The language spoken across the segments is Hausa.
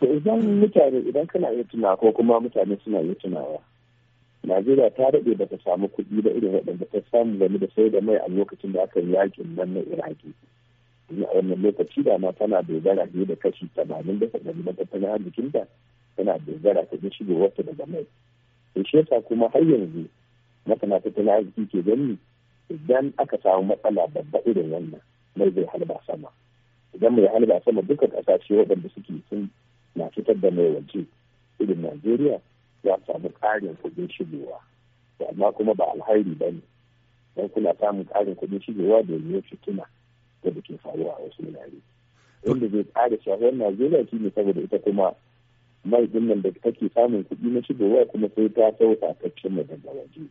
to idan mutane idan kana iya tuna ko kuma mutane suna iya tunawa najeriya ta daɗe ba ta samu kuɗi da irin waɗanda ta samu game da sai da mai a lokacin da aka yi yakin nan na iraki a wannan lokaci da ma tana dogara ne da kashi tamanin da ɗari na tattalin arzikinta tana dogara ta ji wata daga mai to shi yasa kuma har yanzu masana tattalin arziki ke gani idan aka samu matsala babba irin wannan mai zai halba sama idan mai halba sama duka ƙasashe waɗanda suke sun na fitar da mai waje irin najeriya ya samu ƙarin kuɗin shigowa amma kuma ba alhairi ba ne don kuna samun ƙarin kuɗin shigowa domin fitina da da ke faruwa a wasu wurare wanda zai ƙara shagon najeriya shi ne saboda ita kuma mai dinnan da take samun kuɗi na shigowa kuma sai ta sau takaccen mai daga waje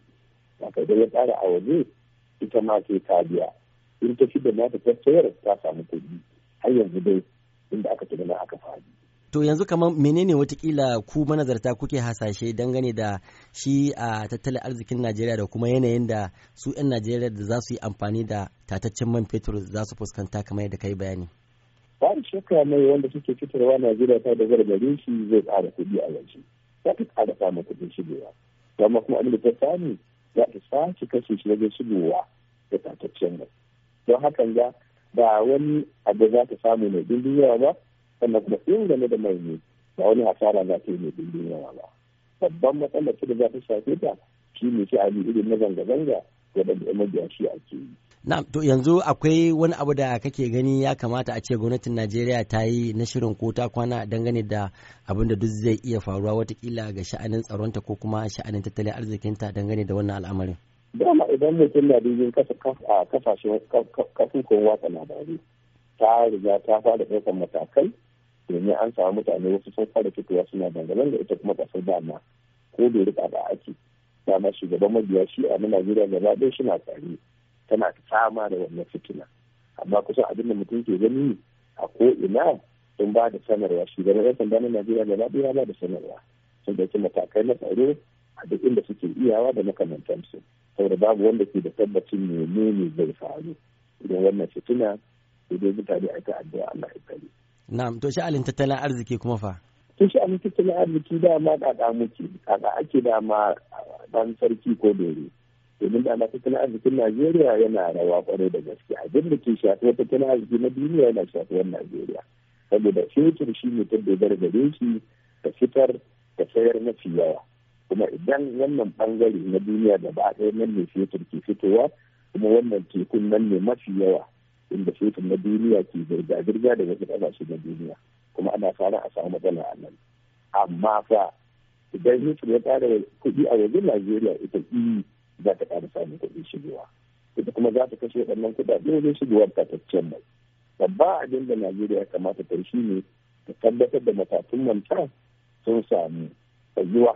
haka ka ya ƙara a waje ita ma sai ta biya in ta fi da mata ta sayar samu kuɗi har yanzu dai inda aka tuna aka faɗi To yanzu kamar menene watakila ku manazarta kuke hasashe dangane da shi a tattalin arzikin Najeriya da kuma yanayin da su 'yan Najeriya da za su yi amfani da tataccen man fetur za su fuskanta kamar yadda kai bayani. Babu shakka mai wanda suke fitarwa Najeriya ta da gargare shi zai ƙara kuɗi a yanzu. Za ta ƙara samun kuɗin shigowa. Amma kuma abin ta samu za ta sace kashe shi wajen shigowa da tataccen mai. Don hakan ga ba wani abu za ta samu mai dindin yawa ba sannan kuma in game da mai ne ba wani hasara za ta yi mai dindin yawa ba babban matsalar da za ta shafe ta shi ne shi a irin na zanga-zanga da yan mabiya shi ake yi. Na to yanzu akwai wani abu da kake gani ya kamata a ce gwamnatin Najeriya ta yi na shirin ko ta kwana dangane da abin da duk zai iya faruwa watakila ga sha'anin tsaronta ko kuma sha'anin tattalin arzikinta dangane da wannan al'amarin. Dama idan mutum na dubin kasashen kafin watsa labarai ta riga ta fara ɗaukar matakai an samu mutane wasu sauka da fitowa suna dangane da ita kuma kasar dama ko da rika ba ake dama shugaban mabiya shi a na najeriya gaba ɗaya suna tsare tana fama da wannan fitina amma kusan abin da mutum ke gani a ko ina sun ba da sanarwa shugaban yan sanda na najeriya gaba ɗaya ba da sanarwa sun dauki matakai na tsaro a duk inda suke iyawa da makamantansu saboda babu wanda ke da tabbacin menene zai faru idan wannan fitina idan mutane ta addu'a Allah ya kare Na'am to sha'anin tattalin arziki kuma fa? To sha'anin tattalin arziki dama da da muke kaga ake dama dan sarki ko dore. Domin da na tattalin arzikin Najeriya yana rawa kwarai da gaske a abin da ke shafi tattalin arziki na duniya yana shafuwar Najeriya. Saboda fetur shi ne ta dogara gare shi ta fitar ta sayar mafi yawa. Kuma idan wannan bangare na duniya da ba a kai nan ne fetur ke fitowa kuma wannan tekun nan ne mafi yawa inda fetur na duniya ke zirga-zirga da wasu ƙasashe na duniya kuma ana fara a samu matsala a nan amma fa idan fetur ya ƙara kuɗi a wajen najeriya ita eu za ta ƙara samun kuɗin shigowa ita kuma za ta kashe waɗannan kuɗaɗe wajen shigowar tataccen mai babba abin da najeriya kamata ta shi ne ta tabbatar da matakin manta sun samu tsayuwa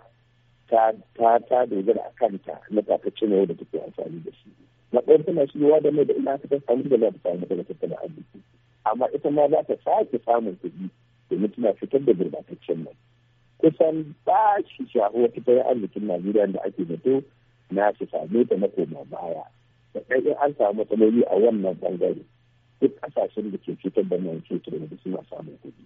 ta ta dogara a kanta na tataccen yau da take amfani da shi matsayar tana shigowa da mai da ina ta samu da za ta samu daga tattalin arziki amma ita ma za ta sake samun kuɗi domin tana fitar da gurbataccen mai kusan ba shi shahuwa tattalin arzikin najeriya da ake zato na shi same ta na koma baya da in an samu matsaloli a wannan bangare duk ƙasashen da ke fitar da mai fetur da suna samun kuɗi